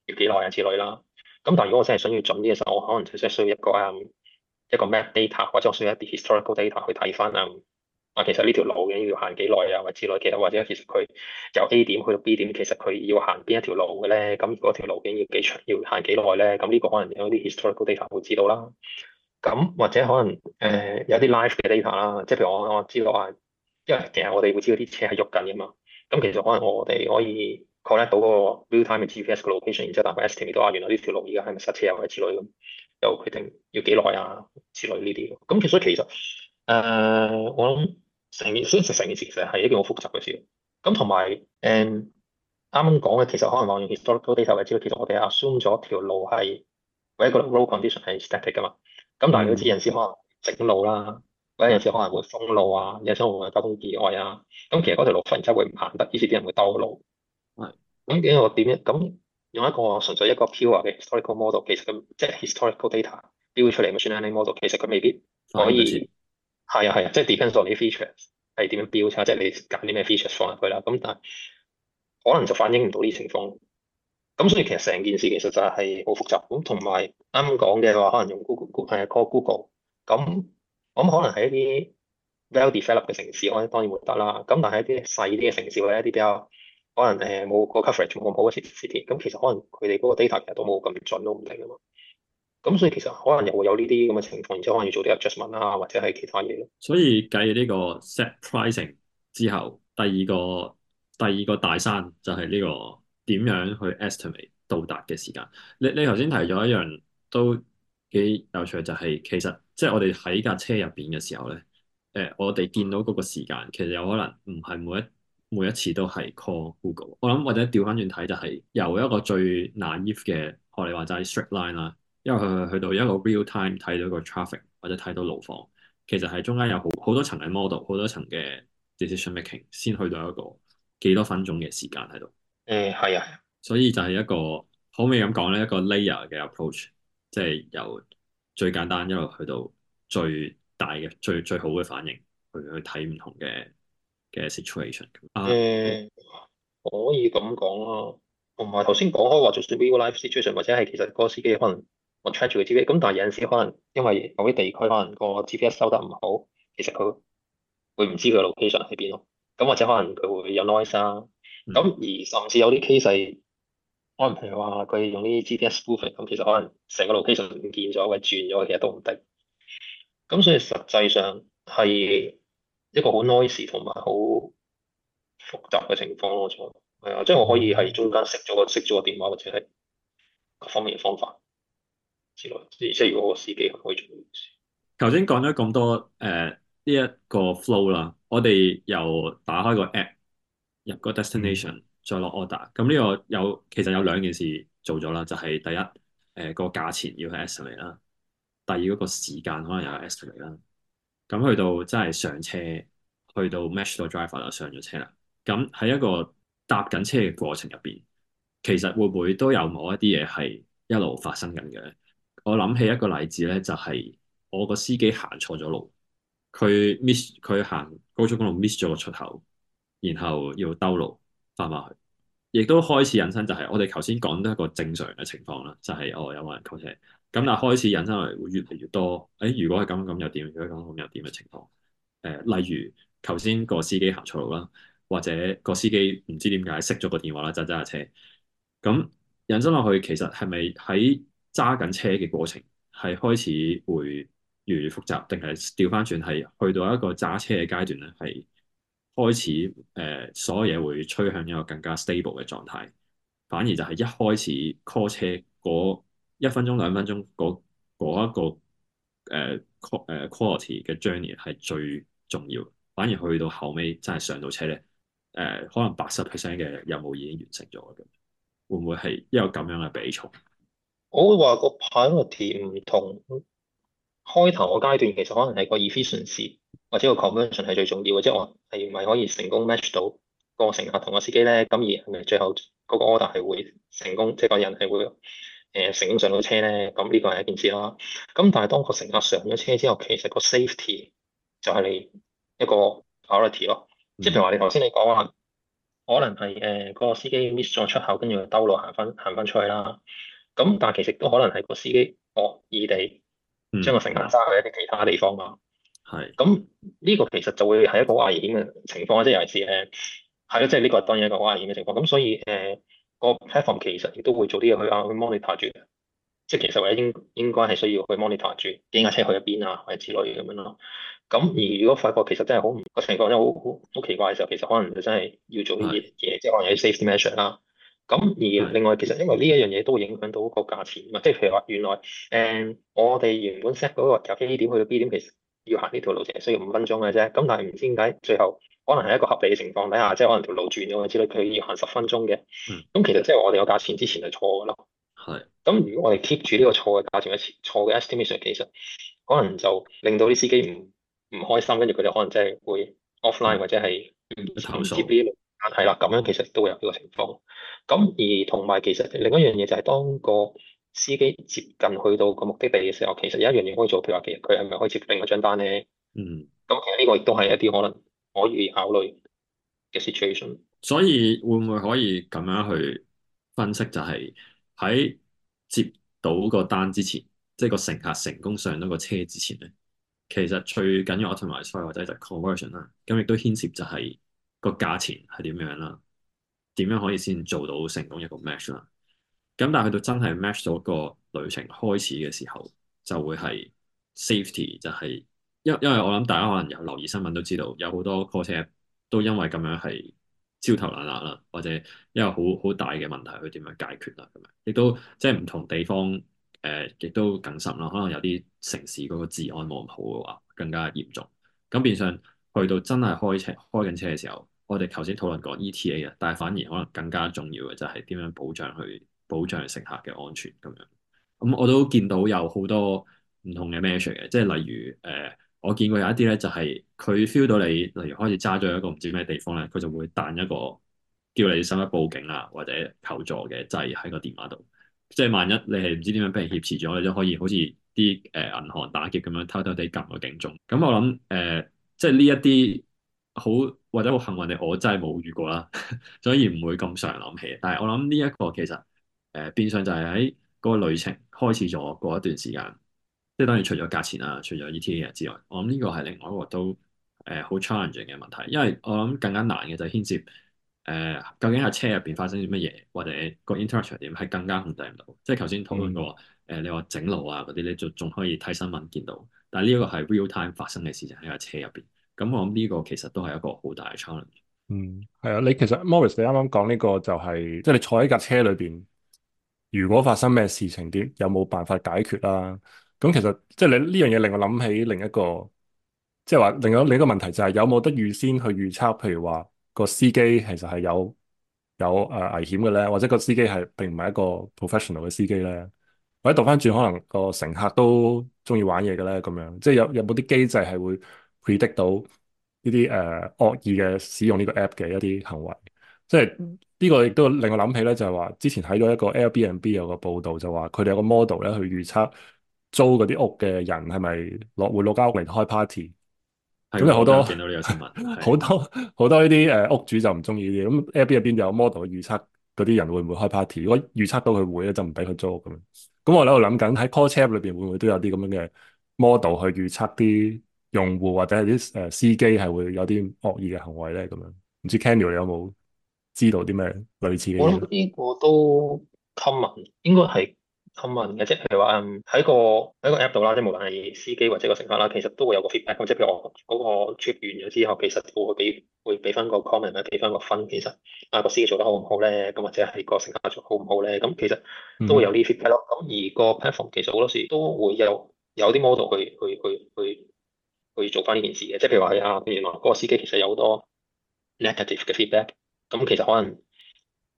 要幾耐啊之類啦。咁但係如果我真係想要準啲嘅時候，我可能就需要一個啊、um, 一個 map data 或者我需要一啲 historical data 去睇翻啊。Um, 啊，其實呢條路要行幾耐啊，或者之類嘅，或者其實佢由 A 點去到 B 點，其實佢要行邊一條路嘅咧？咁嗰條路徑要幾長，要行幾耐咧？咁呢個可能有啲 historical data 會知道啦。咁或者可能誒、呃、有啲 live 嘅 data 啦，即係譬如我我知我啊，因為其實我哋會知道啲車係喐緊㗎嘛。咁其實可能我哋可以 collect 到嗰個 real time 嘅 G P S 嘅 location，然之後大概 estimate 到啊，原來呢條路而家係咪塞車啊，或者之類咁，又決定要幾耐啊，之類呢啲。咁其實其實誒，我諗。成件事成件事其實係一件好複雜嘅事的，咁同埋誒啱啱講嘅，其實可能我用 historical data 為之，其實我哋 assume 咗條路係有一個 road condition 係 static 噶嘛，咁但係好似有陣時可能整路啦，嗯、或者有陣時可能會封路啊，有陣時候會,時候會交通意外啊，咁其實嗰條路忽然之間會唔行得，於是啲人會兜路，係咁是點我點樣咁用一個純粹一個 pure 嘅 historical model，其實咁即係 historical data build 出嚟嘅 training model，其實佢未必可以。係啊係啊，即係 depends on 你啲 features 係點樣 build 差，即係你揀啲咩 features 放入去啦。咁但係可能就反映唔到呢啲情況。咁所以其實成件事其實就係好複雜。咁同埋啱啱講嘅話，可能用 Google，係、啊、call Google。咁咁可能係一啲 well-develop 嘅城市，我然當然會得啦。咁但係一啲細啲嘅城市或者一啲比較可能誒冇個 coverage 冇個 city 咁，其實可能佢哋嗰個 data 其實都冇咁準都唔定啊嘛。咁所以其實可能又會有呢啲咁嘅情況，然之後可能要做啲 adjustment 啦、啊，或者係其他嘢咯。所以計呢個 set pricing 之後，第二個第二個大山就係呢、這個點樣去 estimate 到達嘅時間。你你頭先提咗一樣都幾有趣，就係、是、其實即係我哋喺架車入邊嘅時候咧，誒、呃，我哋見到嗰個時間其實有可能唔係每一每一次都係 call Google。我諗或者調翻轉睇就係、是、由一個最 naive 嘅學你話齋 straight line 啦。因為佢去到一個 real time 睇到個 traffic 或者睇到路況，其實係中間有好好多層嘅 model，好多層嘅 decision making 先去到一個幾多分鐘嘅時間喺度、嗯。誒係啊，所以就係一個可唔可以咁講咧？一個 layer 嘅 approach，即係由最簡單一路去到最大嘅最最好嘅反應去去睇唔同嘅嘅 situation。嗯，啊、可以咁講囉。同埋頭先講開話，就算 real life situation 或者係其實個司機可能。我 check 住個 GPS 咁但係有陣時可能因為某啲地區可能個 GPS 收得唔好，其實佢會唔知佢 location 喺邊咯。咁或者可能佢會有 noise 啦、啊。咁、嗯、而甚至有啲 case 可能譬如話佢用啲 GPS spoofing，咁其實可能成個 location 唔見咗或者轉咗，其實都唔得。咁所以實際上係一個好 noise 同埋好複雜嘅情況咯。就係啊，即係我可以喺中間熄咗個熄咗個電話或者係各方面嘅方法。即係如果司機係可以做呢件事，頭先講咗咁多，誒呢一個 flow 啦，我哋又打開個 app，入個 destination，、嗯、再落 order。咁呢個有，其實有兩件事做咗啦，就係、是、第一，誒個價錢要 estimate 啦；，第二嗰個時間可能要 estimate 啦。咁去到真係上車，去到 match 到 driver 就上咗車啦。咁喺一個搭緊車嘅過程入邊，其實會唔會都有某一啲嘢係一路發生緊嘅？我諗起一個例子咧，就係、是、我個司機行錯咗路，佢 miss 佢行高速公路 miss 咗個出口，然後要兜路翻返去。亦都開始引申、就是，就係我哋頭先講到一個正常嘅情況啦，就係、是、我、哦、有冇人 call 車。咁但係開始引申落嚟會越嚟越多。誒、哎，如果係咁咁又點？又如果咁咁又點嘅情況？誒、呃，例如頭先個司機行錯路啦，或者個司機唔知點解熄咗個電話啦，揸揸下車。咁引申落去，其實係咪喺？揸緊車嘅過程係開始會越嚟越複雜，定係掉返轉係去到一個揸車嘅階段咧，係開始誒、呃、所有嘢會趨向一個更加 stable 嘅狀態。反而就係一開始 call 車嗰一分鐘兩分鐘嗰一個誒 c、呃呃、quality 嘅 journey 係最重要。反而去到後尾真係上到車咧，誒、呃、可能八十 percent 嘅任務已經完成咗噉，會唔會係一個咁樣嘅比重？我會話個 priority 唔同開頭個階段，其實可能係個 efficiency 或者個 conversion 係最重要嘅，即係話係咪可以成功 match 到個乘客同個司機咧？咁而係咪最後嗰個 order 係會成功，即係個人係會誒、呃、成功上到車咧。咁呢個係一件事啦。咁但係當個乘客上咗車之後，其實個 safety 就係你一個 priority 咯。即係譬如話你頭先你講話，可能係誒、呃嗰個司機 miss 咗出口，跟住兜路行翻行翻出去啦。咁、嗯、但係其實都可能係個司機惡意地將個乘客揸去一啲其他地方啊、嗯。係。咁呢個其實就會係一個危險嘅情況啊，即係的尤其是誒係咯，即係呢個當然一個好危險嘅情況。咁所以誒、呃嗰個 platform 其實亦都會做啲嘢去啊去 monitor 住即係其實或者應應該係需要去 monitor 住幾架車去，去一邊啊，或者之類咁樣咯。咁而如果發覺其實真係好唔，個情況真係好好好奇怪嘅時候，其實可能就真係要做一啲嘢，的即係可能有啲 safety measure 啦。咁而另外，其實因為呢一樣嘢都會影響到個價錢啊，即係譬如話，原來誒、嗯、我哋原本 set 嗰個由 A 點去到 B 點，其實要行呢條路程需要五分鐘嘅啫。咁但係唔知點解最後可能係一個合理嘅情況底下，即係可能條路轉咗之類，佢要行十分鐘嘅。咁、嗯、其實即係我哋有價錢之前係錯嘅咯。係是。咁如果我哋 keep 住呢個錯嘅價錢一次，錯嘅 estimation 其實可能就令到啲司機唔唔開心，跟住佢就可能即係會 offline 或者係唔接呢條路。係啦，咁樣其實都會有呢個情況。咁而同埋其實另一樣嘢就係當個司機接近去到個目的地嘅時候，其實有一樣嘢可以做，譬如話其實佢係咪可以接另外張單咧？嗯。咁其實呢個亦都係一啲可能可以考慮嘅 situation。所以會唔會可以咁樣去分析，就係喺接到個單之前，即係個乘客成功上到個車之前咧，其實最緊要我同埋所謂或者就 conversion 啦，咁亦都牽涉就係個價錢係點樣啦。點樣可以先做到成功一個 match 啦？咁但係去到真係 match 咗個旅程開始嘅時候，就會係 safety 就係、是，因為因為我諗大家可能有留意新聞都知道，有好多 call 車都因為咁樣係焦頭爛額啦，或者因為好好大嘅問題去點樣解決啦咁樣，亦都即係唔同地方誒，亦、呃、都更深啦。可能有啲城市嗰個治安冇咁好嘅話，更加嚴重。咁變相去到真係開車開緊車嘅時候。我哋頭先討論講 ETA 啊，但係反而可能更加重要嘅就係點樣保障去保障乘客嘅安全咁樣。咁、嗯、我都見到有好多唔同嘅 measure 嘅，即係例如誒、呃，我見過有一啲咧，就係、是、佢 feel 到你，例如開始揸咗一個唔知咩地方咧，佢就會彈一個叫你即刻報警啊或者求助嘅掣喺個電話度。即係萬一你係唔知點樣俾人挾持咗，你都可以好似啲誒銀行打劫咁樣偷偷哋撳個警鐘。咁、嗯、我諗誒、呃，即係呢一啲。好或者好幸運你，我真係冇遇過啦， 所以唔會咁常諗起。但係我諗呢一個其實誒、呃、變相就係喺嗰個旅程開始咗過一段時間，即係當然除咗價錢啊、除咗 ETA 之外，我諗呢個係另外一個都誒好 challenging 嘅問題，因為我諗更加難嘅就牽涉誒、呃、究竟喺車入邊發生啲乜嘢，或者個 interaction 點係更加控制唔到。即係頭先討論過誒、嗯呃、你話整路啊嗰啲咧，就仲可以睇新聞見到，但係呢一個係 real time 發生嘅事情喺架車入邊。咁我諗呢個其實都係一個好大嘅 challenge。嗯，係啊，你其實 Maurice 你啱啱講呢個就係即係你坐喺架車裏邊，如果發生咩事情啲有冇辦法解決啦、啊？咁其實即係、就是、你呢樣嘢令我諗起另一個，即係話另外另一個問題就係有冇得預先去預測，譬如話、個司機其實係有有誒危險嘅咧，或者個司機係並唔係一個 professional 嘅司機咧，或者倒翻轉可能個乘客都中意玩嘢嘅咧，咁樣即係有有冇啲機制係會？predict 到呢啲誒惡意嘅使用呢個 app 嘅一啲行為，即係呢、這個亦都令我諗起咧，就係、是、話之前睇到一個 Airbnb 有個報導，就話佢哋有個 model 咧去預測租嗰啲屋嘅人係咪落回落間屋嚟開 party。咁有好多，見到呢個新聞，好多好多呢啲誒屋主就唔中意呢啲。咁 Airbnb 有 model 去預測嗰啲人會唔會開 party？如果預測到佢會咧，就唔俾佢租咁樣。咁我喺度諗緊喺 call 車裏邊會唔會都有啲咁樣嘅 model 去預測啲用戶或者係啲誒司機係會有啲惡意嘅行為咧，咁樣唔知 Kenil 你有冇知道啲咩類似嘅？我諗呢個都 common，應該係 common 嘅，即係話嗯喺個喺個 app 度啦，即係無論係司機或者個乘客啦，其實都會有個 feedback。即係譬如我嗰、那個 trip 完咗之後，其實會俾會俾翻個 comment 啊，俾翻個分。其實啊個司機做得好唔好咧？咁或者係個乘客做得好唔好咧？咁其實都會有呢 feed、嗯、個 feedback 咯。咁而個 platform 其實好多時都會有有啲 model 去去去去。去去去去去做翻呢件事嘅，即係譬如話啊，原來嗰個司機其實有好多 negative 嘅 feedback，咁其實可能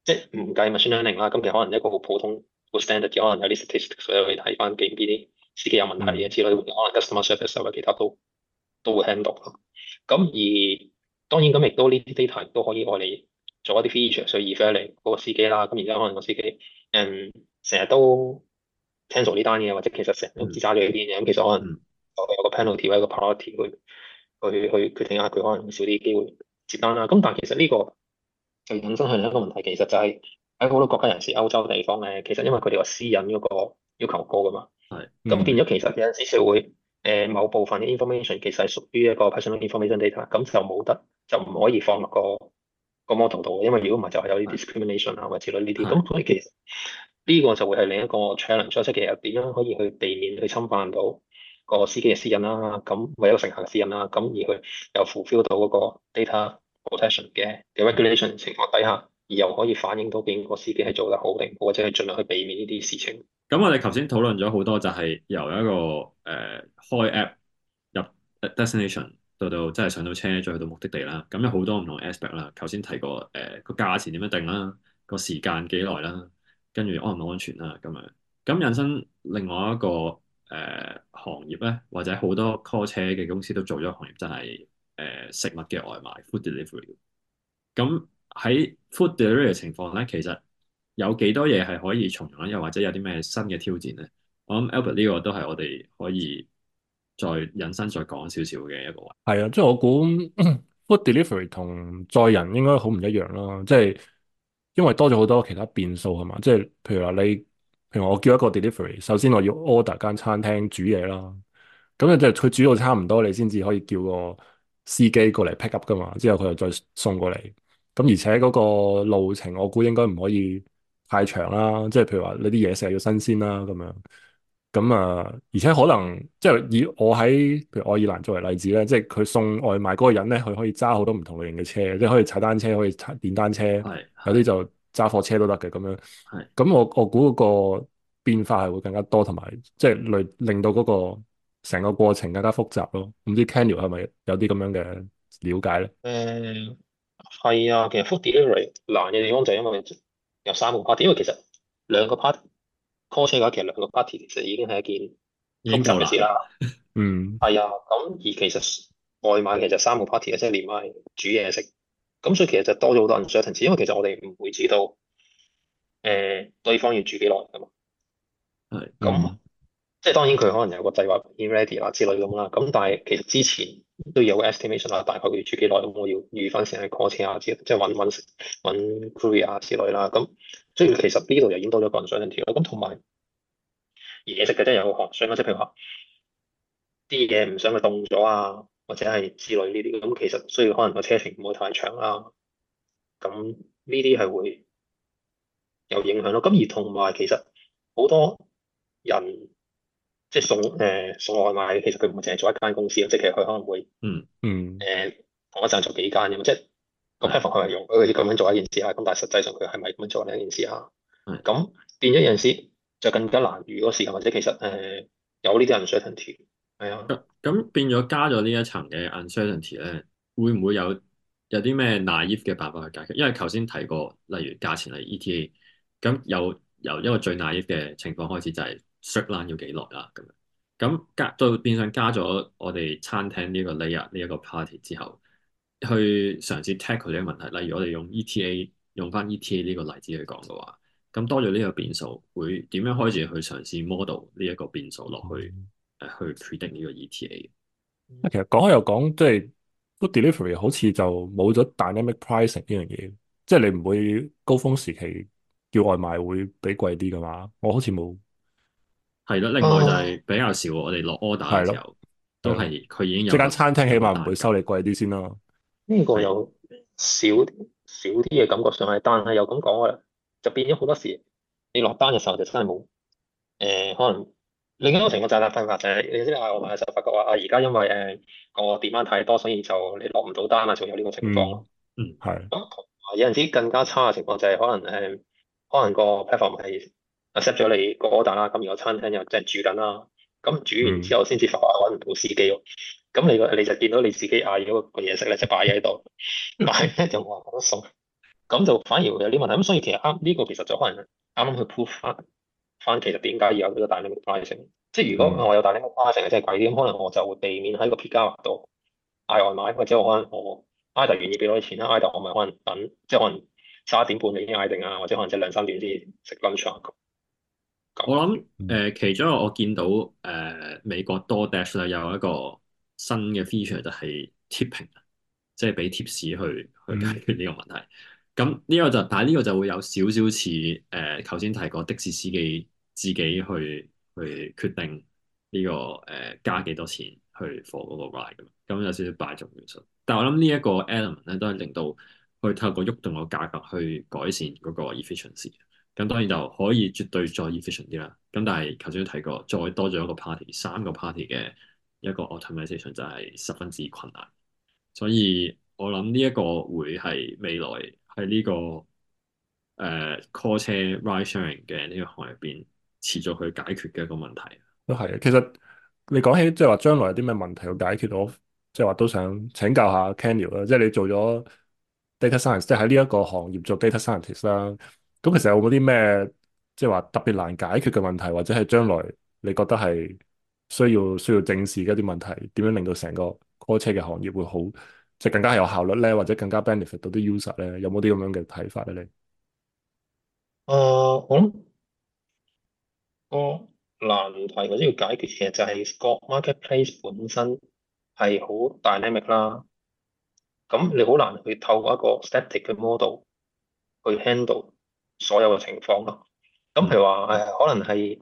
即係唔計 machine learning 啦，咁其實可能一個好普通、好 standard 可能有啲 statistic，所以你睇翻幾邊啲司機有問題嘅之類，可能 customer service 或者其他都都會 handle。咁而當然咁亦都呢啲 data 都可以我哋做一啲 feature 去 refer 嚟嗰個司機啦。咁而家可能個司機嗯成日都 cancel 呢單嘢，或者其實成日都只揸住呢啲嘢，咁、mm hmm. 其實可能。有一個 penalty 或者個 priority 去去去決定下佢可能少啲機會接單啦。咁但係其實呢、呢個就引申向另一個問題，其實就係喺好多國家，尤其是歐洲嘅地方咧，其實因為佢哋話私隱嗰個要求高噶嘛。係。咁、嗯、變咗其實有陣時會誒、呃、某部分嘅 information 其實係屬於一個 personal information data，咁就冇得就唔可以放落、嗰個、嗰個 model 度，因為如果唔係就係有啲 discrimination 啊是或者類呢啲咁，所以其實呢、呢個就會係另一個 challenge，即係其實點樣可以去避免去侵犯到。個司機嘅私隱啦，咁為一個乘客嘅私隱啦，咁而佢又 fulfil 到嗰個 data protection 嘅 regulation 情況底下，而又可以反映到邊個司機係做得好定，或者係盡量去避免呢啲事情。咁我哋頭先討論咗好多，就係由一個誒、呃、開 app 入 destination 到到真係上到車再去到，到目的地啦。咁有好多唔同 aspect 啦。頭先提過誒個、呃、價錢點樣定啦，個時間幾耐啦，跟住安唔安全啦咁樣。咁引申另外一個。誒、呃、行業咧，或者好多 call 車嘅公司都做咗行業，真係誒、呃、食物嘅外賣 food delivery。咁、嗯、喺 food delivery 嘅情況咧，其實有幾多嘢係可以重用咧？又或者有啲咩新嘅挑戰咧？我諗 Albert 呢個都係我哋可以再引申再講少少嘅一個話題。係啊，即係我估、嗯、food delivery 同載人應該好唔一樣咯。即係因為多咗好多其他變數係嘛。即係譬如話你。譬如我叫一個 delivery，首先我要 order 間餐廳煮嘢啦，咁就即係佢煮到差唔多，你先至可以叫個司機過嚟 pick up 噶嘛。之後佢又再送過嚟。咁而且嗰個路程我估應該唔可以太長啦，即係譬如話你啲嘢食要新鮮啦咁樣。咁啊，而且可能即係以我喺譬如愛爾蘭作為例子咧，即係佢送外賣嗰個人咧，佢可以揸好多唔同類型嘅車，即係可以踩單車，可以踩電單車，係。有啲就。揸貨車都得嘅咁樣，咁的我我估嗰個變化係會更加多，同埋即係令令到嗰個成個過程更加複雜咯。唔知 Kenil 係咪有啲咁樣嘅了解咧？誒，係啊，其實 food delivery 難嘅地方就因為有三個 party，因為其實兩個 party，call 車嘅話，其實兩個 party 其實已經係一件複雜嘅事啦。 嗯，係啊，咁而其實外賣其實三個 party，即係連埋煮嘢食。咁所以其實就多咗好多 uncertainty，因為其實我哋唔會知道誒、呃、對方要住幾耐㗎嘛。係、嗯。咁即係當然佢可能有個計劃 in ready 啦之類咁啦，咁但係其實之前都有個 estimation 啦，大概佢要住幾耐，咁我要預翻先去 call 車啊之，即係揾揾揾 crew 啊之類啦。咁所以其實呢度又已經多咗個 uncertainty 啦。咁同埋而嘢食嘅真係有寒霜啦，即係譬如話啲嘢唔想佢凍咗啊。或者係之類呢啲嘅，咁，其實需要可能個車程唔會太長啦。咁呢啲係會有影響咯。咁而同埋其實好多人即係送誒、呃、送外賣其實佢唔係淨係做一間公司咯。即係佢可能會嗯嗯誒同、呃、一陣做幾間嘅嘛。即係個 platform 佢係用佢要咁樣做一件事啊。咁但係實際上佢係咪咁樣做另一件事啊？咁、嗯、變咗有陣時就更加難預個時間，或者其實誒、呃、有呢啲人 certainty。係啊，咁咁、嗯、變咗加咗呢一層嘅 uncertainty 咧，會唔會有有啲咩 naive 嘅辦法去解決？因為頭先提過，例如價錢係 ETA，咁由由一個最 naive 嘅情況開始，就係、是、t line 要幾耐啦，咁樣，咁加到變相加咗我哋餐廳呢個 e 日呢一個 party 之後，去嘗試 take 呢啲問題，例如我哋用 ETA 用翻 ETA 呢個例子去講嘅話，咁多咗呢個變數，會點樣開始去嘗試 model 呢一個變數落去？嗯去決定呢個 ETA。其實講開又講，即係 food delivery 好似就冇咗 dynamic pricing 呢樣嘢，即係你唔會高峰時期叫外賣會比貴啲噶嘛？我好似冇係啦。另外就係比較少，啊、我哋落 order 嘅時候，的都係佢已經有。即係間餐廳起碼唔會收你貴啲先啦。呢個有少少啲嘅感覺上係，但係又咁講啊，就變咗好多時，你落單嘅時候就真係冇誒，可能。另一個情況就係分法就係你先嗌我買嘅時候，發覺話啊，而家因為誒個電話太多，所以就你落唔到單啊，仲有呢個情況咯、嗯。嗯，係。有陣時更加差嘅情況就係可能誒，可能、呃、可能個 platform 係 accept 咗你個 order 啦，咁而個餐廳又即係煮緊啦，咁、嗯、煮完之後先至發覺揾唔到司機喎，咁你你就見到你自己嗌咗個嘢食咧，即擺喺度，買咧 就冇好送，咁就反而會有啲問題。咁所以其實啱呢個其實就可能啱啱去 proof 翻。其實點解要有呢個 dynamic pricing 即係如果我有 dynamic pricing 係貴啲，可能我就會避免喺個 pickup 度嗌外賣，或者我可能我 either 願意俾多啲錢啦。either 我咪可能等，即係可能十一點半就已經嗌定啊，或者可能即係兩三點先食 lunch。咁我諗誒、呃，其中一個我見到誒、呃、美國 DoorDash 係有一個新嘅 feature 就係 tipping，即係俾 tips 去、嗯、去解決呢個問題。咁呢個就但係呢個就會有少少似誒頭先提過的士司機。自己去去決定呢、這個誒、呃、加幾多錢去 for 嗰個 ride 咁咁有少少擺足元素。但係我諗呢一個 element 咧，都係令到去透過喐動個價格去改善嗰個 efficiency。咁當然就可以絕對再 efficient 啲啦。咁但係頭先都提過，再多咗一個 party，三個 party 嘅一個 optimization 就係十分之困難。所以我諗呢一個會係未來喺呢、這個誒 call、呃、車 ride sharing 嘅呢個行入邊，持續去解決嘅一個問題，都係啊。其實你講起即係話將來有啲咩問題要解決，到，即係話都想請教下 Kenil 啦。即係你做咗 data science，即係喺呢一個行業做 data scientist 啦。咁其實有冇啲咩即係話特別難解決嘅問題，或者係將來你覺得係需要需要正視嘅一啲問題，點樣令到成個 call 車嘅行業會好，即係更加有效率咧，或者更加 benefit 到啲 user 咧？有冇啲咁樣嘅睇法咧？你、uh, 嗯？誒，我。個難題或者要解決，其實就係各 marketplace 本身係好 dynamic 啦。咁你好難去透過一個 static 嘅 model 去 handle 所有嘅情況咯。咁譬如話誒，可能係舉、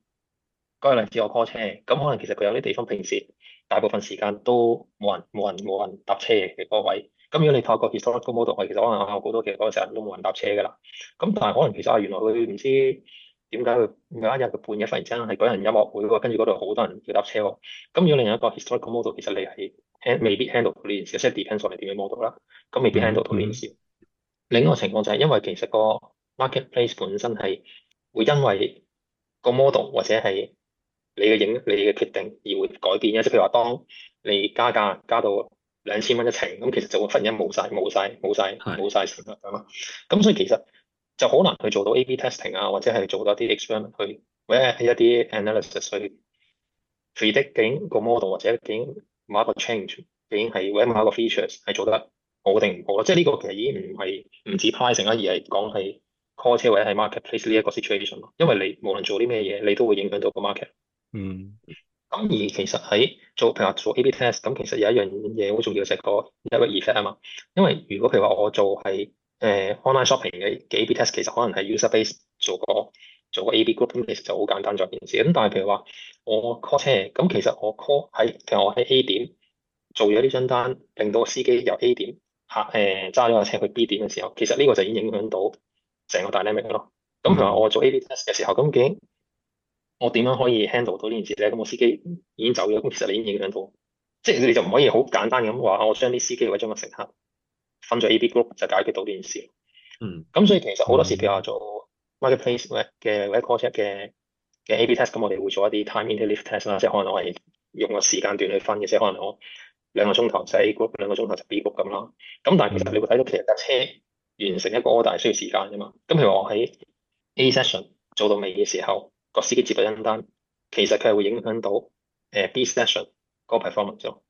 嗰個、例子我，我 call 車咁，可能其實佢有啲地方平時大部分時間都冇人冇人冇人搭車嘅嗰位，咁如果你透過 historical model，其實可能校好多其實嗰陣時都人都冇人搭車噶啦。咁但係可能其實原來佢唔知。點解佢？點解一日半日忽然之間係舉行音樂會喎？跟住嗰度好多人要搭車喎。咁如果另一個 historical model，其實你係 hand 未必 handle 到呢件事，mm hmm. 即係 depends on 你點樣 model 啦。咁未必 handle 到呢件事。另一個情況就係因為其實個 marketplace 本身係會因為個 model 或者係你嘅影、你嘅決定而會改變嘅。即係譬如話，當你加價加到兩千蚊一程，咁其實就會忽然間冇晒、冇晒、冇晒、冇晒乘客啊，咁所以其實就好難去做到 A/B testing 啊，或者係做多啲 experiment 去，或者係一啲 analysis 去 predict 究竟個 model 或者究竟某一個 change，已經係揾某一個 features 係做得好定唔好咯。即係呢個其實已經唔係唔止 pricing 啦，而係講係 call 車或者係 marketplace 呢一個 situation 咯。因為你無論做啲咩嘢，你都會影響到個 market。嗯。咁而其實喺做譬如話做 A/B test，咁其實有一樣嘢好重要就係個 double effect 啊嘛。因為如果譬如話我做係，誒、uh，online shopping 嘅 A/B test 其實可能係 user base 做個做個 A/B group，其實就好簡單咗件事。咁但係譬如話我 call 車，咁其實我 call 喺，譬如我喺 A 點做咗呢張單，令到個司機由 A 點嚇誒揸咗架車去 B 點嘅時候，其實呢個就已經影響到成個 dynamic 咯。咁、嗯、譬如話我做 A/B test 嘅時候，咁究竟我點樣可以 handle 到呢件事咧？咁個司機已經走咗，咁其實你已經影響到，即係你就唔可以好簡單咁話我將啲司機或者將個乘客，分咗 A、B group 就解決到呢件事。嗯。咁所以其實好多時，譬如話做 marketplace 嘅或者 call 車嘅嘅 A/B test，咁我哋會做一啲 time interleaved test 啦，即係可能我係用個時間段去分嘅，即係可能我兩個鐘頭就 A group，兩個鐘頭就 B group 咁咯。咁但係其實你會睇到，其實架車完成一個 order 係需要時間㗎嘛。咁譬如我喺 A session 做到尾嘅時候，個司機接咗新單，其實佢係會影響到誒 B session 嗰個 performance 咯。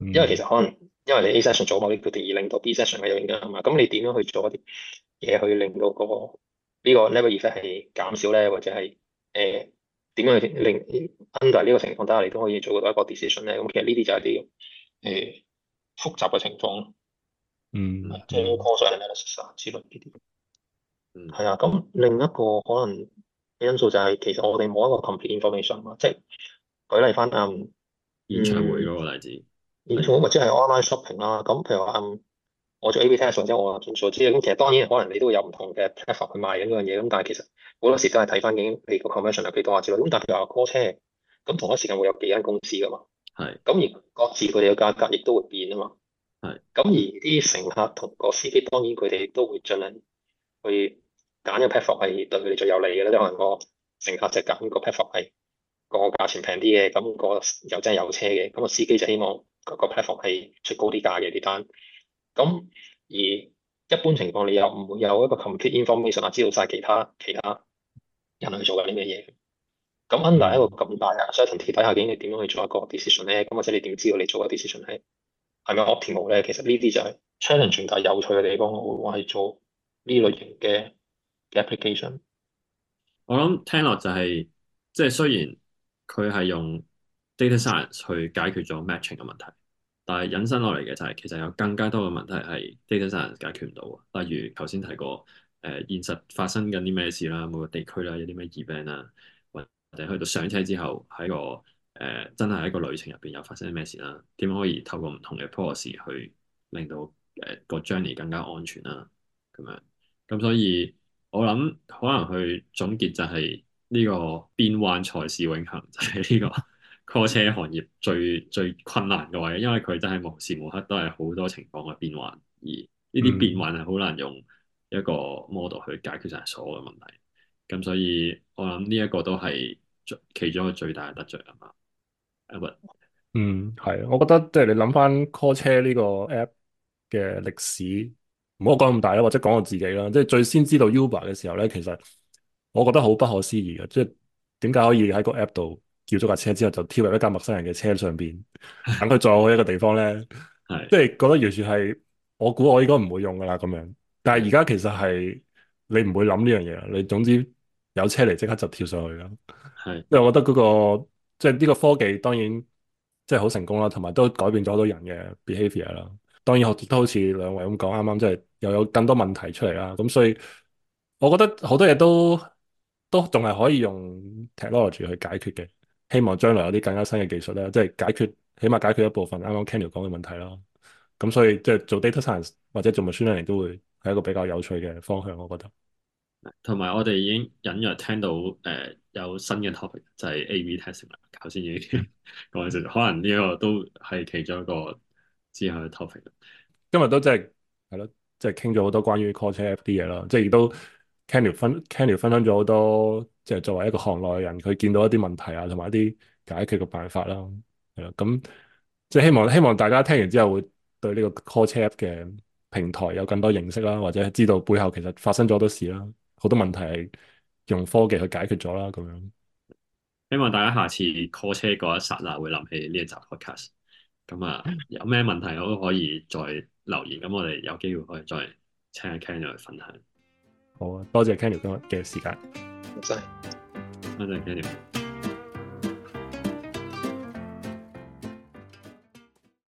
因為其實可能。因為你 A session 做某啲決定，而令到 B session 又點樣啊嘛？咁你點樣去做一啲嘢去令到嗰個呢個 level effect 係減少咧，或者係誒點樣去令 under 呢個情況底下你都可以做到一個 decision 咧？咁其實呢啲就係啲誒複雜嘅情況咯、嗯嗯。嗯，即係 causal analysis 啊之類呢啲。嗯，係啊。咁另一個可能嘅因素就係其實我哋冇一個 complete information 啊。即係舉例翻啊，演、嗯、唱會嗰個例子。唔好，或者係 online shopping 啦。咁譬如話，嗯，我做 A B test 或者我做數字啊。咁其實當然，可能你都會有唔同嘅 platform 去賣緊嗰樣嘢。咁但係其實好多時都係睇翻，譬如個 commission 有幾多或者點。咁但譬如話 call 車，咁同一時間會有幾間公司噶嘛。係是。咁而各自佢哋嘅價格亦都會變啊嘛。係是。咁而啲乘客同個司機，當然佢哋都會盡量去揀個 platform 係對佢哋最有利嘅啦。即可能個乘客就揀個 platform 係個價錢平啲嘅，咁個又真係有車嘅。咁個司機就希望。個 platform 係出高啲價嘅啲單，咁而一般情況你又唔會有一個 complete information 啊，知道晒其他其他人去做緊啲咩嘢。咁 under 一個咁大嘅 uncertainty 底下，點你點樣去做一個 decision 咧？咁或者你點知道你做個 decision 係係咪 optimal 咧？其實呢啲就係 challenge 但係有趣嘅地方。我我係做呢類型嘅 application 我、就是。我諗聽落就係即係雖然佢係用。Data science 去解決咗 matching 嘅問題，但係引申落嚟嘅就係、是、其實有更加多嘅問題係 data science 解決唔到。例如頭先提過，誒、呃、現實發生緊啲咩事啦，每個地區啦有啲咩 event 啦，或者去到上車之後喺個誒、呃、真係喺個旅程入邊又發生啲咩事啦，點樣可以透過唔同嘅 policy 去令到誒、呃那個 journey 更加安全啦？咁樣咁，所以我諗可能去總結就係呢個變幻才是永恆，就係、是、呢、這個。 call 車行業最最困難嘅位，因為佢真係無時無刻都係好多情況嘅變幻，而呢啲變幻係好難用一個 model 去解決晒所有嘅問題。咁所以，我諗呢一個都係其中一個最大嘅得罪啊嘛。誒，唔，嗯，係啊，我覺得即係、就是、你諗翻 call 車呢個 app 嘅歷史，唔好講咁大啦，或者講我自己啦，即、就、係、是、最先知道 Uber 嘅時候咧，其實我覺得好不可思議嘅，即係點解可以喺個 app 度？叫咗架車之後，就跳入一架陌生人嘅車上邊，等佢再去一個地方咧，即係的覺得完全係我估我應該唔會用噶啦咁樣。但係而家其實係你唔會諗呢樣嘢，你總之有車嚟即刻就跳上去咯。係的，因為我覺得嗰個即係呢個科技，當然即係好成功啦，同埋都改變咗好多人嘅 behavior 啦。當然好都好似兩位咁講，啱啱即係又有更多問題出嚟啦。咁所以我覺得好多嘢都都仲係可以用 technology 去解決嘅。希望將來有啲更加新嘅技術咧，即係解決，起碼解決一部分啱啱 Kenil 講嘅問題咯。咁所以即係做 data science 或者做 machine learning 都會係一個比較有趣嘅方向，我覺得。同埋我哋已經隱約聽到誒、呃、有新嘅 topic，就係、是、A/B testing 啦。頭先已經講完咗， 可能呢個都係其中一個之後嘅 topic。 今日都即係係咯，即係傾咗好多關於 call 車 app 啲嘢咯，即、就、係、是、都。Kenil 分 Kenil 分享咗好多，即係作為一個行內人，佢見到一啲問題啊，同埋一啲解決嘅辦法啦、啊，係啦，咁即係希望希望大家聽完之後，會對呢個 call 車 App 嘅平台有更多認識啦、啊，或者知道背後其實發生咗好多事啦、啊，好多問題係用科技去解決咗啦、啊，咁樣，希望大家下次 call 車嗰一剎那會諗起呢一集 podcast 咁啊，有咩問題都可以再留言，咁我哋有機會可以再請 Kenil 去分享。好啊，多謝 Kenil 今日嘅時間。唔該，多謝 Kenil。